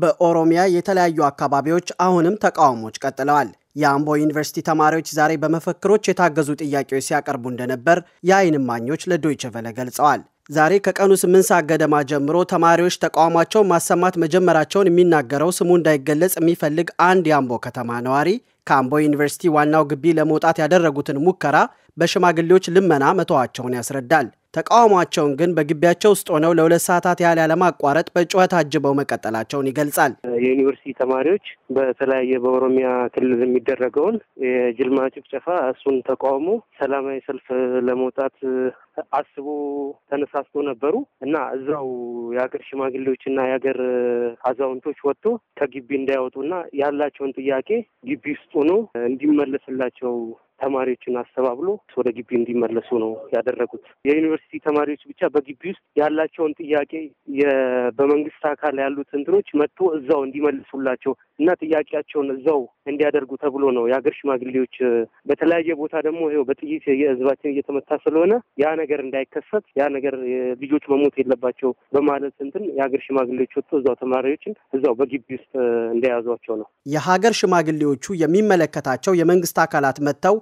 በኦሮሚያ የተለያዩ አካባቢዎች አሁንም ተቃውሞች ቀጥለዋል። የአምቦ ዩኒቨርሲቲ ተማሪዎች ዛሬ በመፈክሮች የታገዙ ጥያቄዎች ሲያቀርቡ እንደነበር የአይን እማኞች ለዶይቸ ቨለ ገልጸዋል። ዛሬ ከቀኑ ስምንት ሰዓት ገደማ ጀምሮ ተማሪዎች ተቃውሟቸውን ማሰማት መጀመራቸውን የሚናገረው ስሙ እንዳይገለጽ የሚፈልግ አንድ የአምቦ ከተማ ነዋሪ ከአምቦ ዩኒቨርሲቲ ዋናው ግቢ ለመውጣት ያደረጉትን ሙከራ በሽማግሌዎች ልመና መተዋቸውን ያስረዳል። ተቃውሟቸውን ግን በግቢያቸው ውስጥ ሆነው ለሁለት ሰዓታት ያህል ያለማቋረጥ በጩኸት አጅበው መቀጠላቸውን ይገልጻል። የዩኒቨርሲቲ ተማሪዎች በተለያየ በኦሮሚያ ክልል የሚደረገውን የጅልማ ጭፍጨፋ እሱን ተቃውሞ ሰላማዊ ሰልፍ ለመውጣት አስቦ ተነሳስቶ ነበሩ እና እዛው የሀገር ሽማግሌዎችና የሀገር አዛውንቶች ወጥቶ ከግቢ እንዳይወጡና ያላቸውን ጥያቄ ግቢ ውስጥ ሆኖ እንዲመለስላቸው ተማሪዎችን አስተባብሎ ወደ ግቢ እንዲመለሱ ነው ያደረጉት። የዩኒቨርሲቲ ተማሪዎች ብቻ በግቢ ውስጥ ያላቸውን ጥያቄ በመንግስት አካል ያሉት እንትኖች መጥቶ እዛው እንዲመልሱላቸው እና ጥያቄያቸውን እዛው እንዲያደርጉ ተብሎ ነው የሀገር ሽማግሌዎች በተለያየ ቦታ ደግሞ ይኸው በጥይት የህዝባችን እየተመታ ስለሆነ ያ ነገር እንዳይከሰት ያ ነገር ልጆች መሞት የለባቸው በማለት እንትን የሀገር ሽማግሌዎች ወጥቶ እዛው ተማሪዎችን እዛው በግቢ ውስጥ እንደያዟቸው ነው። የሀገር ሽማግሌዎቹ የሚመለከታቸው የመንግስት አካላት መጥተው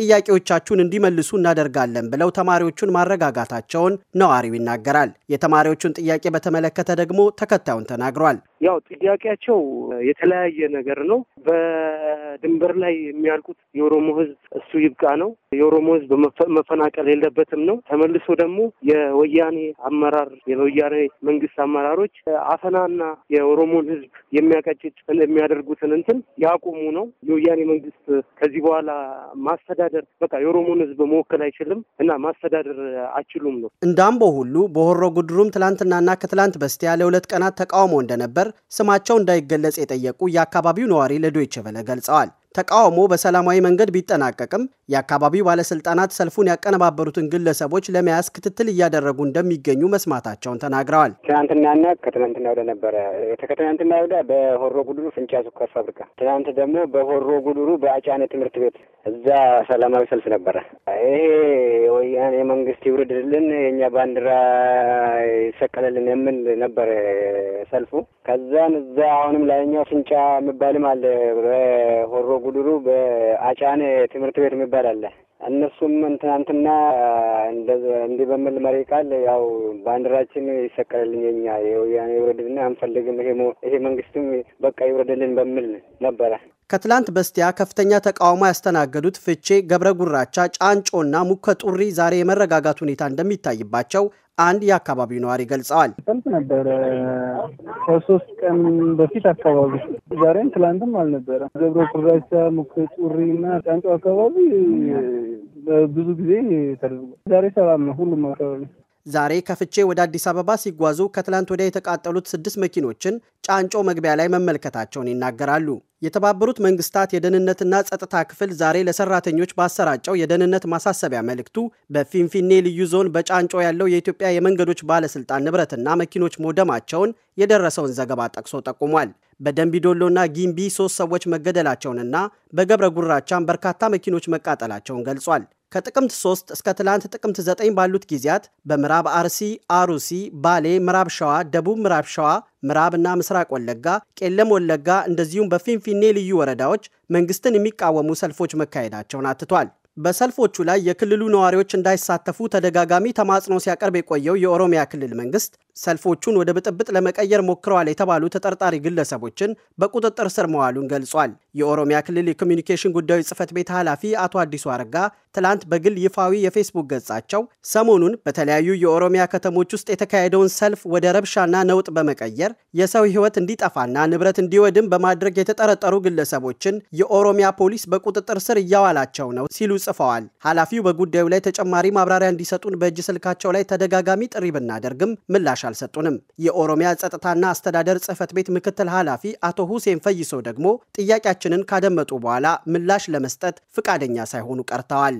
ጥያቄዎቻችሁን እንዲመልሱ እናደርጋለን ብለው ተማሪዎቹን ማረጋጋታቸውን ነዋሪው ይናገራል። የተማሪዎቹን ጥያቄ በተመለከተ ደግሞ ተከታዩን ተናግሯል። ያው ጥያቄያቸው የተለያየ ነገር ነው። በድንበር ላይ የሚያልቁት የኦሮሞ ሕዝብ እሱ ይብቃ ነው። የኦሮሞ ሕዝብ መፈናቀል የለበትም ነው። ተመልሶ ደግሞ የወያኔ አመራር የወያኔ መንግስት አመራሮች አፈናና የኦሮሞን ሕዝብ የሚያቀጭጭ የሚያደርጉትን እንትን ያቁሙ ነው። የወያኔ መንግስት ከዚህ በኋላ ማስተዳደ ማስተዳደር በቃ የኦሮሞን ህዝብ መወከል አይችልም እና ማስተዳደር አችሉም ነው። እንደ ሁሉ በሆሮ ጉድሩም ትላንትናና ከትላንት በስቲያ ለሁለት ቀናት ተቃውሞ እንደነበር ስማቸው እንዳይገለጽ የጠየቁ የአካባቢው ነዋሪ ለዶይቸ ቬለ ገልጸዋል። ተቃውሞ በሰላማዊ መንገድ ቢጠናቀቅም የአካባቢው ባለስልጣናት ሰልፉን ያቀነባበሩትን ግለሰቦች ለመያዝ ክትትል እያደረጉ እንደሚገኙ መስማታቸውን ተናግረዋል። ትናንትናና ከትናንትና ወደ ነበረ ከትናንትና ወደ በሆሮ ጉድሩ ፍንጫ ስኳር ፋብሪካ፣ ትናንት ደግሞ በሆሮ ጉድሩ በአጫነ ትምህርት ቤት እዛ ሰላማዊ ሰልፍ ነበረ። ይሄ ወያኔ መንግስት ይውርድልን የእኛ ባንዲራ ይሰቀልልን የምል ነበር ሰልፉ። ከዛን እዛ አሁንም ላይኛው ፍንጫ የሚባልም አለ በሆሮ በጉድሩ በአጫኔ ትምህርት ቤት የሚባል አለ። እነሱም ትናንትና እንዲህ በምል መሪ ቃል ያው ባንዲራችን ይሰቀልልኝ የኛ ይውረድልና አንፈልግም፣ ይሄ መንግስትም በቃ ይውረድልን በምል ነበረ። ከትላንት በስቲያ ከፍተኛ ተቃውሞ ያስተናገዱት ፍቼ፣ ገብረ ጉራቻ፣ ጫንጮና ሙከ ጡሪ ዛሬ የመረጋጋት ሁኔታ እንደሚታይባቸው አንድ የአካባቢው ነዋሪ ገልጸዋል። ሰልፍ ነበረ ከሶስት ቀን በፊት አካባቢ ዛሬም ትላንትም አልነበረ። ገብረ ኩራቻ፣ ጡሪ እና ጫንጮ አካባቢ ብዙ ጊዜ ተደርጓል። ዛሬ ሰላም ነው ሁሉም አካባቢ ዛሬ ከፍቼ ወደ አዲስ አበባ ሲጓዙ ከትላንት ወዲያ የተቃጠሉት ስድስት መኪኖችን ጫንጮ መግቢያ ላይ መመልከታቸውን ይናገራሉ። የተባበሩት መንግስታት የደህንነትና ጸጥታ ክፍል ዛሬ ለሰራተኞች ባሰራጨው የደህንነት ማሳሰቢያ መልእክቱ በፊንፊኔ ልዩ ዞን በጫንጮ ያለው የኢትዮጵያ የመንገዶች ባለስልጣን ንብረትና መኪኖች መውደማቸውን የደረሰውን ዘገባ ጠቅሶ ጠቁሟል። በደንቢዶሎና ጊምቢ ሶስት ሰዎች መገደላቸውንና በገብረ ጉራቻም በርካታ መኪኖች መቃጠላቸውን ገልጿል። ከጥቅምት 3 እስከ ትላንት ጥቅምት 9 ባሉት ጊዜያት በምዕራብ አርሲ፣ አሩሲ፣ ባሌ፣ ምዕራብ ሸዋ፣ ደቡብ ምዕራብ ሸዋ፣ ምዕራብና ምስራቅ ወለጋ፣ ቄለም ወለጋ እንደዚሁም በፊንፊኔ ልዩ ወረዳዎች መንግስትን የሚቃወሙ ሰልፎች መካሄዳቸውን አትቷል። በሰልፎቹ ላይ የክልሉ ነዋሪዎች እንዳይሳተፉ ተደጋጋሚ ተማጽኖ ሲያቀርብ የቆየው የኦሮሚያ ክልል መንግስት ሰልፎቹን ወደ ብጥብጥ ለመቀየር ሞክረዋል የተባሉ ተጠርጣሪ ግለሰቦችን በቁጥጥር ስር መዋሉን ገልጿል። የኦሮሚያ ክልል የኮሚኒኬሽን ጉዳዮች ጽህፈት ቤት ኃላፊ አቶ አዲሱ አረጋ ትላንት በግል ይፋዊ የፌስቡክ ገጻቸው ሰሞኑን በተለያዩ የኦሮሚያ ከተሞች ውስጥ የተካሄደውን ሰልፍ ወደ ረብሻና ነውጥ በመቀየር የሰው ህይወት እንዲጠፋና ንብረት እንዲወድም በማድረግ የተጠረጠሩ ግለሰቦችን የኦሮሚያ ፖሊስ በቁጥጥር ስር እያዋላቸው ነው ሲሉ ጽፈዋል። ኃላፊው በጉዳዩ ላይ ተጨማሪ ማብራሪያ እንዲሰጡን በእጅ ስልካቸው ላይ ተደጋጋሚ ጥሪ ብናደርግም ምላሽ ምላሽ አልሰጡንም። የኦሮሚያ ጸጥታና አስተዳደር ጽህፈት ቤት ምክትል ኃላፊ አቶ ሁሴን ፈይሶ ደግሞ ጥያቄያችንን ካደመጡ በኋላ ምላሽ ለመስጠት ፍቃደኛ ሳይሆኑ ቀርተዋል።